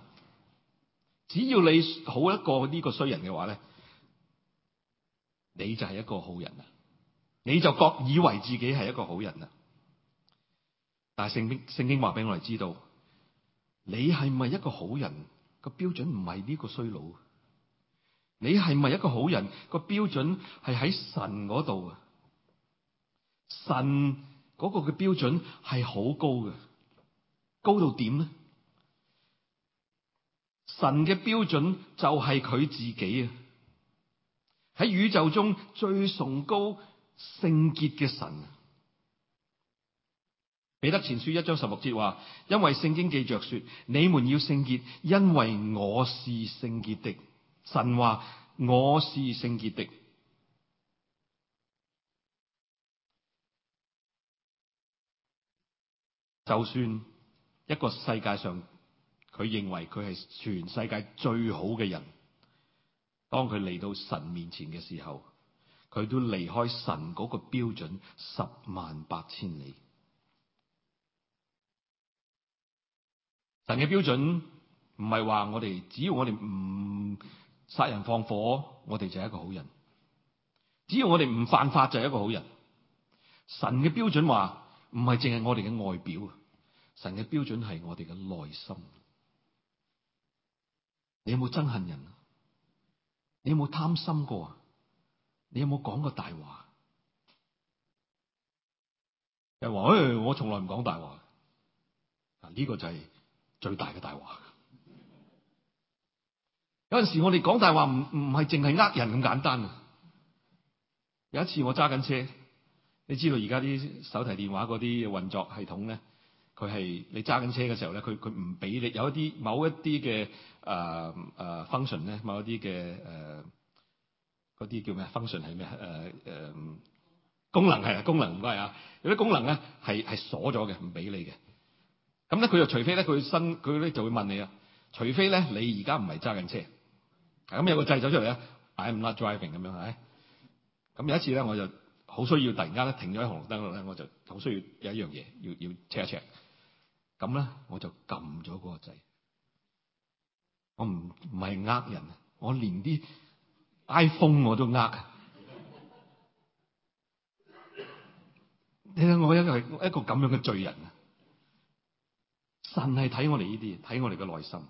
只要你好一個呢個衰人嘅話咧，你就係一個好人啦。你就覺以為自己係一個好人啊？但係聖經，聖經話俾我哋知道，你係咪一個好人個標準唔係呢個衰佬。你係咪一個好人個標準係喺神嗰度啊？神嗰個嘅標準係好高嘅，高到點呢？神嘅標準就係佢自己啊！喺宇宙中最崇高。聖潔嘅神，彼得前書一章十六節話：因為聖經記著說，你們要聖潔，因為我是聖潔的。神話我是聖潔的，就算一個世界上佢認為佢係全世界最好嘅人，當佢嚟到神面前嘅時候。佢都離開神嗰個標準十萬八千里。神嘅標準唔係話我哋只要我哋唔殺人放火，我哋就係一個好人；只要我哋唔犯法就係一個好人。神嘅標準話唔係淨係我哋嘅外表，神嘅標準係我哋嘅內心。你有冇憎恨人？你有冇貪心過啊？你有冇講過大話？人話，誒，我從來唔講大話。嗱，呢個就係最大嘅大話。有陣時我哋講大話唔唔唔係淨係呃人咁簡單啊！有一次我揸緊車，你知道而家啲手提電話嗰啲運作系統咧，佢係你揸緊車嘅時候咧，佢佢唔俾你有一啲某一啲嘅誒誒 function 咧，某一啲嘅誒。呃呃嗰啲叫咩 function 係咩？誒誒功能係啊，功能唔該啊。有啲功能咧係係鎖咗嘅，唔俾你嘅。咁咧佢就除非咧佢新佢咧就會問你啊，除非咧你而家唔係揸緊車。咁有個掣走出嚟啊，I'm not driving 咁樣係。咁有一次咧，我就好需要突然間咧停咗喺紅綠燈度咧，我就好需要有一樣嘢要要 check 一 check。咁咧我就撳咗嗰個掣。我唔唔係呃人，我連啲。iPhone 我都呃，你睇我一個一個咁樣嘅罪人啊！神係睇我哋呢啲，睇我哋嘅內心。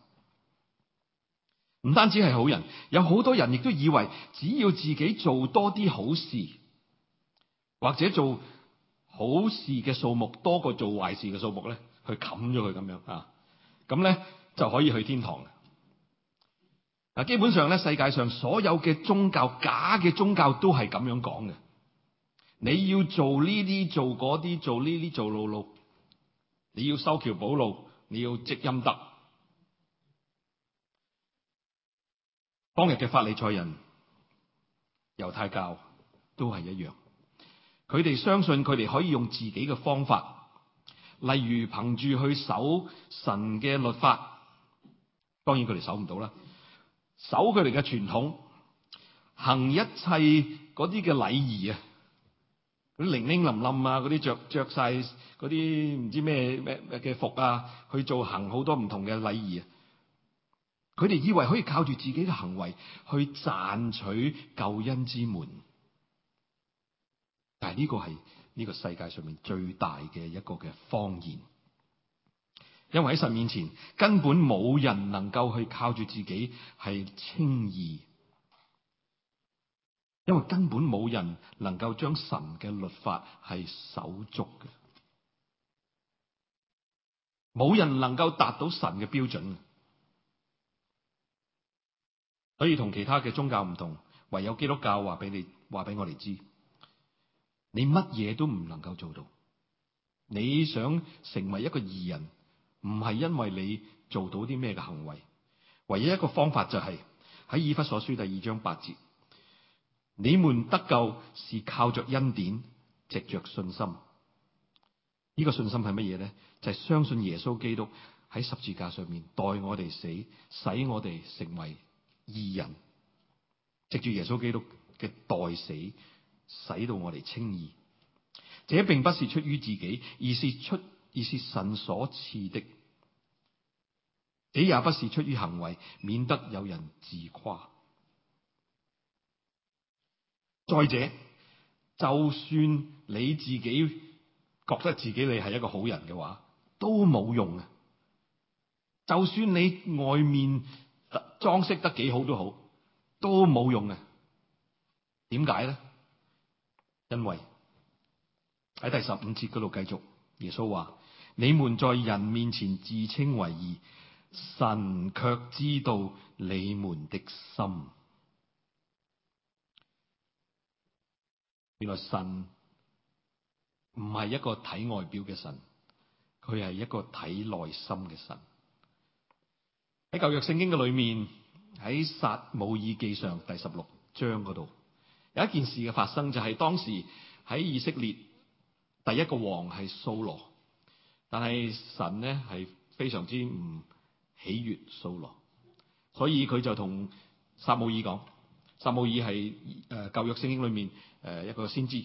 唔單止係好人，有好多人亦都以為，只要自己做多啲好事，或者做好事嘅數目多過做壞事嘅數目咧，去冚咗佢咁樣啊，咁咧就可以去天堂啦。嗱，基本上咧，世界上所有嘅宗教、假嘅宗教都係咁樣講嘅。你要做呢啲，做嗰啲，做呢啲，做路路。你要修橋補路，你要積陰德。當日嘅法利賽人、猶太教都係一樣，佢哋相信佢哋可以用自己嘅方法，例如憑住去守神嘅律法，當然佢哋守唔到啦。守佢哋嘅傳統，行一切嗰啲嘅禮儀啊，嗰啲零零林林啊，嗰啲着着晒嗰啲唔知咩咩嘅服啊，去做行好多唔同嘅禮儀啊。佢哋以為可以靠住自己嘅行為去賺取救恩之門，但係呢個係呢個世界上面最大嘅一個嘅謊言。因為喺神面前根本冇人能夠去靠住自己係稱義，因為根本冇人能夠將神嘅律法係守足嘅，冇人能夠達到神嘅標準。所以同其他嘅宗教唔同，唯有基督教話俾你話俾我哋知，你乜嘢都唔能夠做到。你想成為一個義人？唔係因為你做到啲咩嘅行為，唯一一個方法就係、是、喺以弗所書第二章八節，你們得救是靠着恩典，藉着信心。呢、這個信心係乜嘢咧？就係、是、相信耶穌基督喺十字架上面代我哋死，使我哋成為義人。藉住耶穌基督嘅代死，使到我哋稱義。這並不是出於自己，而是出，而是神所賜的。你也不是出於行為，免得有人自誇。再者，就算你自己覺得自己你係一個好人嘅話，都冇用啊。就算你外面裝飾得幾好都好，都冇用啊。點解咧？因為喺第十五節嗰度繼續，耶穌話：你們在人面前自稱為義。神卻知道你們的心。原來神唔係一個睇外表嘅神，佢係一個睇內心嘅神在。喺舊約聖經嘅裏面，喺撒母耳記上第十六章嗰度有一件事嘅發生，就係當時喺以色列第一個王係掃羅，但係神呢係非常之唔。喜悅掃羅，所以佢就同撒母耳講：撒母耳係誒舊約聖經裏面誒一個先知，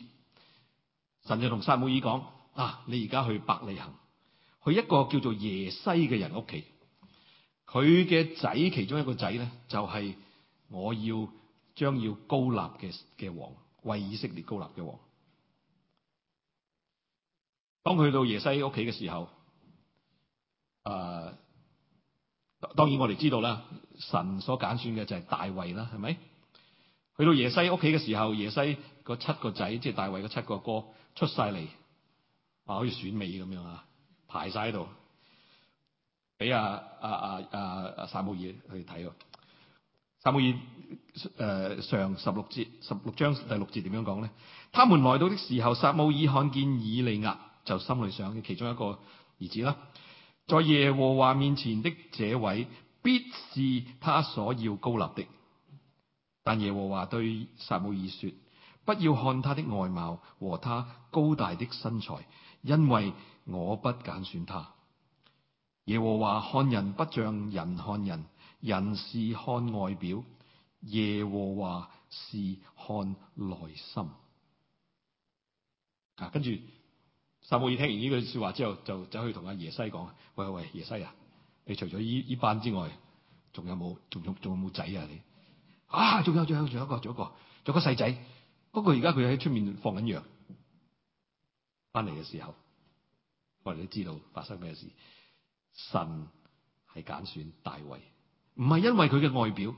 神就同撒母耳講：啊，你而家去伯利恆去一個叫做耶西嘅人屋企，佢嘅仔其中一個仔咧就係我要將要高立嘅嘅王，為以色列高立嘅王。當佢去到耶西屋企嘅時候，誒、呃。當然我哋知道啦，神所揀選嘅就係大衛啦，係咪？去到耶西屋企嘅時候，耶西個七個仔，即係大衛個七個哥出晒嚟，話好似選美咁樣在裡啊，排晒喺度，俾啊。阿阿阿撒母耳去睇喎。撒母耳誒上十六節十六章第六節點樣講咧？他們來到的時候，撒母耳看見以利亞，就心裏想：嘅其中一個兒子啦。在耶和華面前的這位，必是他所要高立的。但耶和華對撒母耳說：不要看他的外貌和他高大的身材，因為我不揀選他。耶和華看人不像人看人，人是看外表，耶和華是看內心。嗱、啊，跟住。撒母耳聽完呢句說話之後，就走去同阿耶西講：喂喂耶西啊，你除咗依依班之外，仲有冇？仲有仲有冇仔啊？你啊，仲有仲有仲有一個，仲一個，仲有個細仔。不過而家佢喺出面放緊羊翻嚟嘅時候，我哋都知道發生咩事。神係揀選大衛，唔係因為佢嘅外表，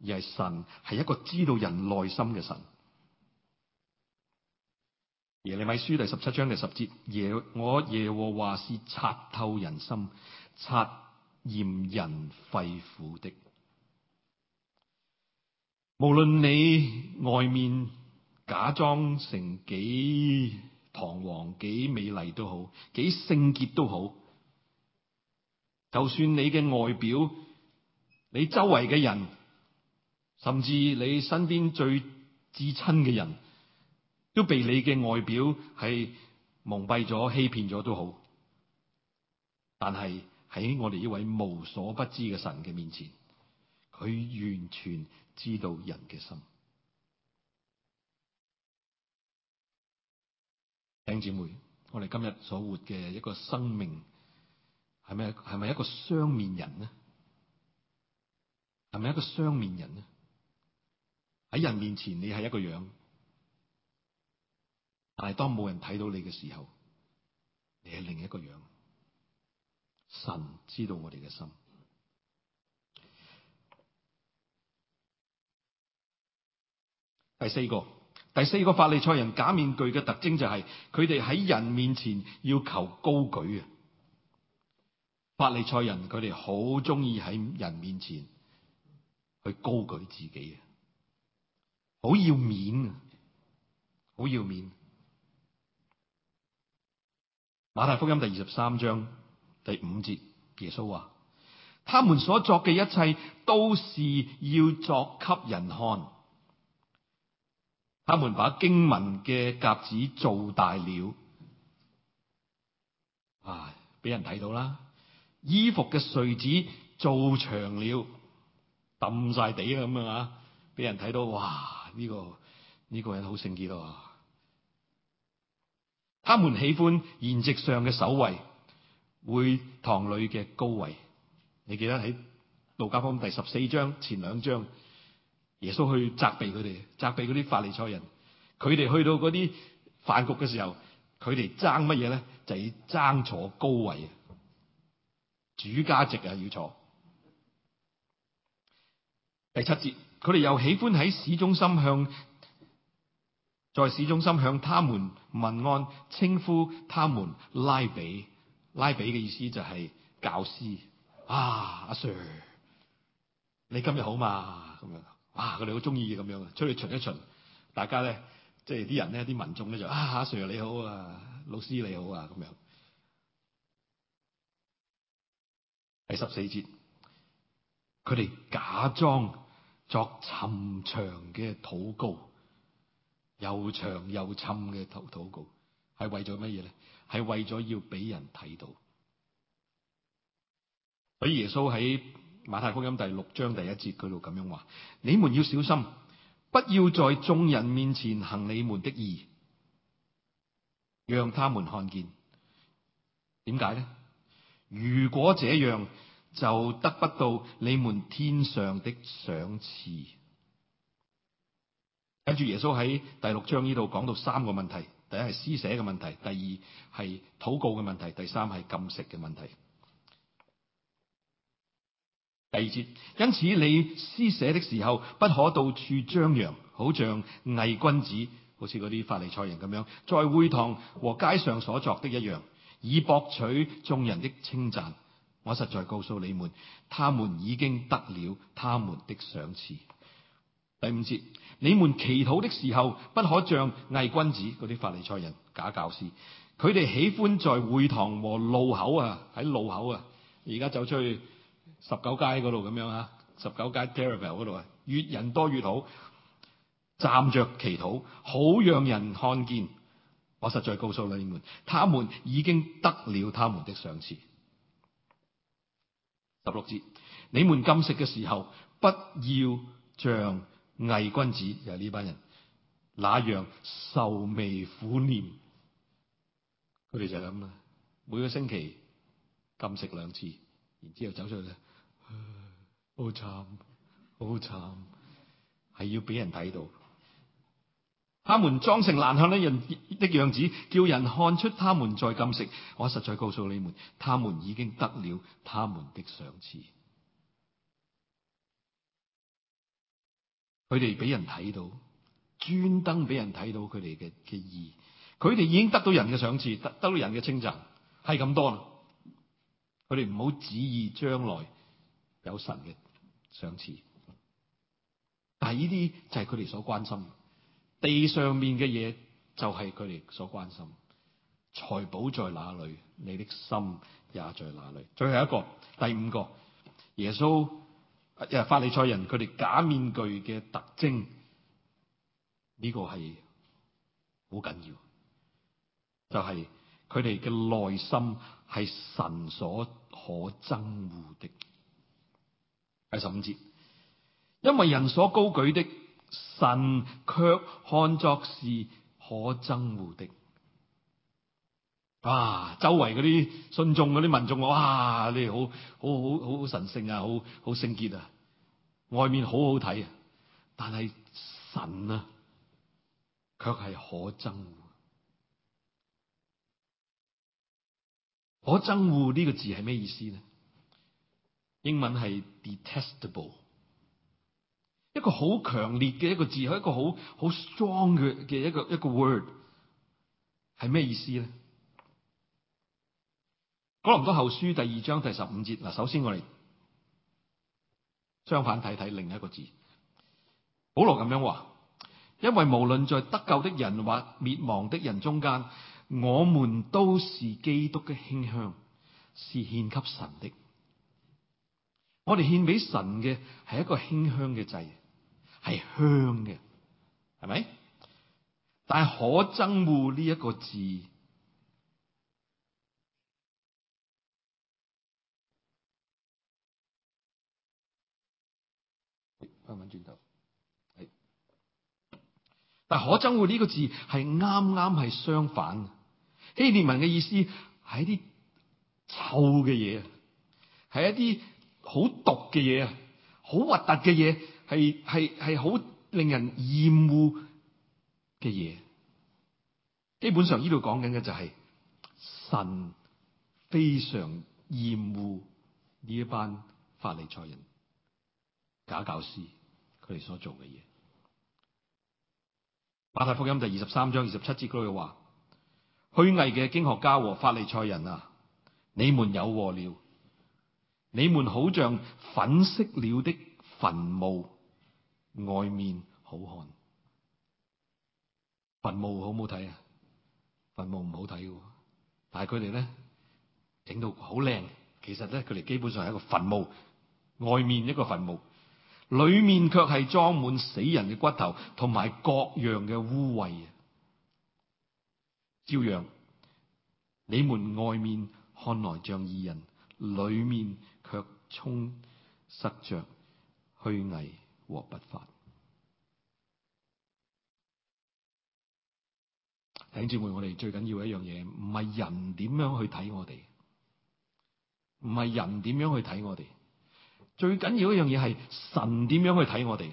而係神係一個知道人內心嘅神。耶利米書第十七章第十節：耶我耶和華是察透人心、察驗人肺腑的。無論你外面假裝成幾堂皇、幾美麗都好，幾聖潔都好，就算你嘅外表，你周圍嘅人，甚至你身邊最至親嘅人，都被你嘅外表係蒙蔽咗、欺騙咗都好，但係喺我哋呢位無所不知嘅神嘅面前，佢完全知道人嘅心。弟兄姊妹，我哋今日所活嘅一個生命，係咪係咪一個雙面人呢？係咪一個雙面人呢？喺人面前你係一個樣。但係當冇人睇到你嘅時候，你係另一個樣。神知道我哋嘅心。第四個，第四個法利賽人假面具嘅特徵就係佢哋喺人面前要求高舉。法利賽人佢哋好中意喺人面前去高舉自己。好要面啊，好要面。馬太福音第二十三章第五節，耶穌話：他們所作嘅一切都是要作給人看。他們把經文嘅匣子做大了，啊，俾人睇到啦。衣服嘅穗子做長了，地了，抌晒地咁樣啊，俾人睇到，哇！呢、這個呢、這個人好聖潔喎。他們喜歡筵席上嘅首位，會堂裏嘅高位。你記得喺路加福音第十四章前兩章，耶穌去責備佢哋，責備嗰啲法利賽人。佢哋去到嗰啲飯局嘅時候，佢哋爭乜嘢咧？就係爭坐高位啊！主家席啊，要坐。第七節，佢哋又喜歡喺市中心向，在市中心向他們問安稱呼他們拉比。拉比嘅意思就係教師。啊，阿 Sir，你今日好嘛？咁、啊、樣，啊佢哋好中意咁樣啊，出去巡一巡，大家咧，即係啲人咧，啲民眾咧就啊，阿 Sir 你好啊，老師你好啊，咁樣。第十四節，佢哋假裝作沉長嘅禱告。又長又沉嘅禱告，係為咗乜嘢呢？係為咗要俾人睇到。所以耶穌喺馬太福音第六章第一節，佢度咁樣話：你們要小心，不要在眾人面前行你們的義，讓他們看見。點解呢？如果這樣就得不到你們天上的賞賜。跟住耶穌喺第六章呢度講到三個問題：第一係施捨嘅問題，第二係禱告嘅問題，第三係禁食嘅問題。第二節，因此你施捨的時候不可到處張揚，好像偽君子，好似嗰啲法利賽人咁樣，在會堂和街上所作的一樣，以博取眾人的稱讚。我實在告訴你們，他們已經得了他們的賞賜。第五節。你們祈禱的時候，不可像偽君子嗰啲法利賽人、假教師，佢哋喜歡在會堂和路口啊，喺路口啊，而家走出去十九街嗰度咁樣啊，十九街 Terrible 嗰度啊，越人多越好，站着祈禱，好讓人看見。我實在告訴你們，他們已經得了他們的賞賜。十六節，你們禁食嘅時候，不要像。偽君子就係呢班人，那樣愁眉苦臉，佢哋就係咁啦。每個星期禁食兩次，然之後走出去咧，好慘，好慘，係要俾人睇到。他們裝成難看的人的樣子，叫人看出他們再禁食。我實在告訴你們，他們已經得了他們的賞賜。佢哋俾人睇到，專登俾人睇到佢哋嘅嘅意，佢哋已經得到人嘅賞賜，得得到人嘅稱讚，係咁多啦。佢哋唔好旨意將來有神嘅賞賜，但係呢啲就係佢哋所關心。地上面嘅嘢就係佢哋所關心，財寶在哪裏，你的心也在哪裏。最後一個，第五個，耶穌。誒法利賽人，佢哋假面具嘅特徵，呢個係好緊要。就係佢哋嘅內心係神所可憎惡的。第十五節，因為人所高舉的，神卻看作是可憎惡的。哇、啊！周圍嗰啲信眾、嗰啲民眾，哇！你好好好好神聖啊，好好聖潔啊，外面好好睇啊，但係神啊，卻係可憎。可憎惡呢個字係咩意思咧？英文係 detestable，一個好強烈嘅一個字，係一個好好 strong 嘅嘅一個一個 word，係咩意思咧？《哥林多後書》第二章第十五節嗱，首先我哋相反睇睇另一個字，保羅咁樣話：因為無論在得救的人或滅亡的人中間，我們都是基督嘅馨香，是獻給神的。我哋獻俾神嘅係一個馨香嘅祭，係香嘅，係咪？但係可憎惡呢一個字。轉頭，但可憎惡呢個字係啱啱係相反啊！希臘文嘅意思係一啲臭嘅嘢，係一啲好毒嘅嘢啊，好核突嘅嘢，係係係好令人厭惡嘅嘢。基本上呢度講緊嘅就係、是、神非常厭惡呢一班法利賽人、假教師。佢哋所做嘅嘢，《馬太福音》第二十三章二十七節嗰句話：虛偽嘅經學家和法利賽人啊，你們有禍了！你們好像粉飾了的墳墓，外面好看。墳墓好唔好睇啊？墳墓唔好睇嘅，但係佢哋咧整到好靚，其實咧佢哋基本上係一個墳墓，外面一個墳墓。裏面卻係裝滿死人嘅骨頭同埋各樣嘅污穢，照樣你們外面看來像義人，裏面卻充塞着虛偽和不法。頂住會我哋最緊要一樣嘢，唔係人點樣去睇我哋，唔係人點樣去睇我哋。最緊要一樣嘢，係神點樣去睇我哋？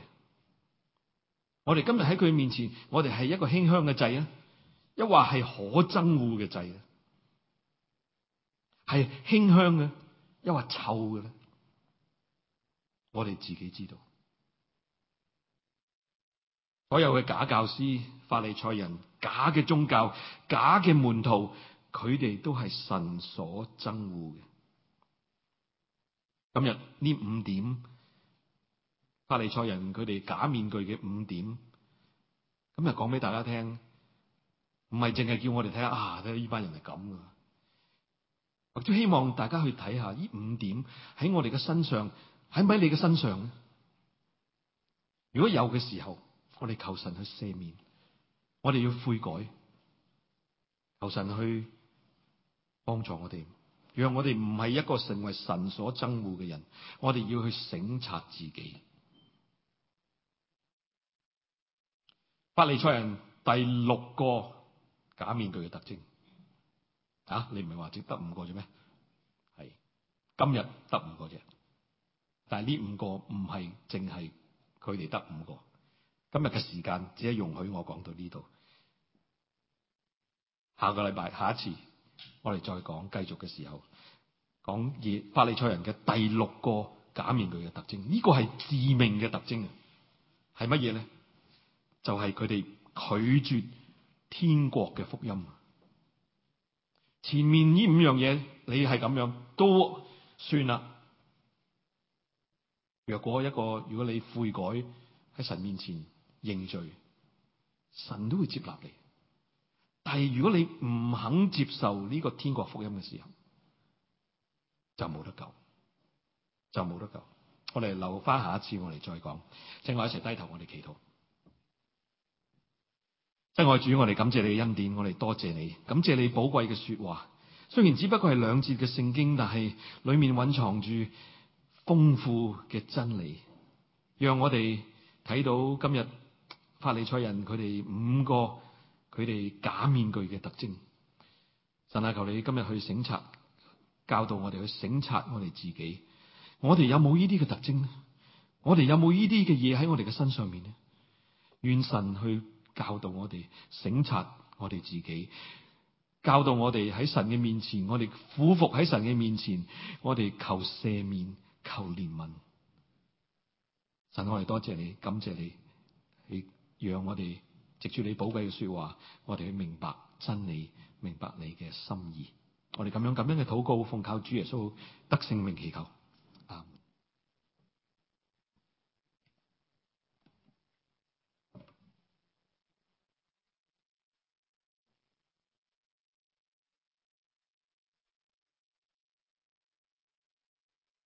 我哋今日喺佢面前，我哋係一個馨香嘅祭啊，抑或係可憎惡嘅祭啊，係馨香嘅，抑或臭嘅咧。我哋自己知道，所有嘅假教師、法利賽人、假嘅宗教、假嘅門徒，佢哋都係神所憎惡嘅。今日呢五點，法利賽人佢哋假面具嘅五點，今日講俾大家聽，唔係淨係叫我哋睇下啊，睇下呢班人係咁噶或者希望大家去睇下呢五點喺我哋嘅身上，喺唔喺你嘅身上咧？如果有嘅時候，我哋求神去赦免，我哋要悔改，求神去幫助我哋。若我哋唔係一個成為神所憎惡嘅人，我哋要去省察自己。法利賽人第六個假面具嘅特徵，啊，你唔係話只得五個啫咩？係，今日得五個啫。但係呢五個唔係淨係佢哋得五個，今日嘅時間只係容許我講到呢度。下個禮拜下一次。我哋再講，繼續嘅時候講嘢，講法利賽人嘅第六個假面具嘅特徵，呢個係致命嘅特徵啊！係乜嘢咧？就係佢哋拒絕天國嘅福音。前面呢五樣嘢，你係咁樣都算啦。若果一個，如果你悔改喺神面前認罪，神都會接納你。係如果你唔肯接受呢個天國福音嘅時候，就冇得救，就冇得救。我哋留翻下一次我，我哋再講。請我哋，一齊低頭我們，我哋祈禱。親愛主，我哋感謝你嘅恩典，我哋多謝你，感謝你寶貴嘅說話。雖然只不過係兩節嘅聖經，但係裏面蘊藏住豐富嘅真理，讓我哋睇到今日法利賽人佢哋五個。佢哋假面具嘅特徵，神啊，求你今日去省察，教導我哋去省察我哋自己，我哋有冇呢啲嘅特徵呢？我哋有冇呢啲嘅嘢喺我哋嘅身上面呢？願神去教導我哋省察我哋自己，教導我哋喺神嘅面前，我哋俯伏喺神嘅面前，我哋求赦免，求憐憫。神啊，我哋多謝你，感謝你，你讓我哋。藉住你寶貴嘅說話，我哋去明白真理，明白你嘅心意。我哋咁樣咁樣嘅禱告，奉靠主耶穌得勝名祈求。阿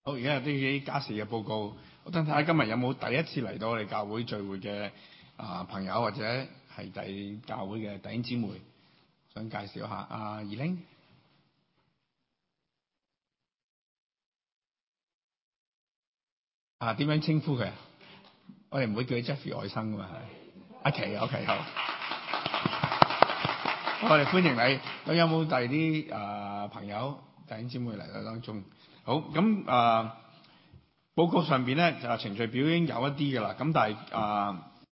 好，而家有啲家事嘅報告，我等睇下今日有冇第一次嚟到我哋教會聚會嘅啊朋友或者。係第教會嘅弟兄姊妹，想介紹下阿二玲。啊、uh, uh,，點樣稱呼佢？ 我哋唔會叫 Jeffrey 外甥噶嘛，係阿琪，OK 好。我哋、 well, 歡迎你。咁有冇第二啲啊朋友、弟兄姊妹嚟到當中？好，咁啊、uh, 報告上邊咧就係程序表已經有一啲噶啦。咁但係啊。Uh,